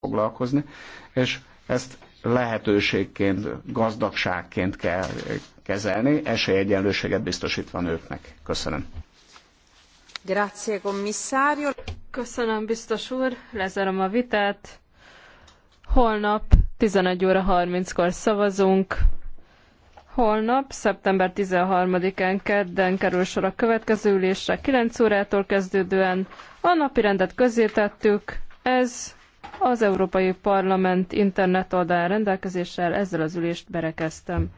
foglalkozni, és ezt lehetőségként, gazdagságként kell kezelni, esélyegyenlőséget biztosítva a nőknek. Köszönöm. Grazie, commissario. Köszönöm, biztos úr. Lezárom a vitát. Holnap 11 óra 30-kor szavazunk. Holnap, szeptember 13-án kedden kerül sor a következő ülésre 9 órától kezdődően. A napi rendet közé tettük. Ez az Európai Parlament internet oldalán rendelkezéssel ezzel az ülést berekeztem.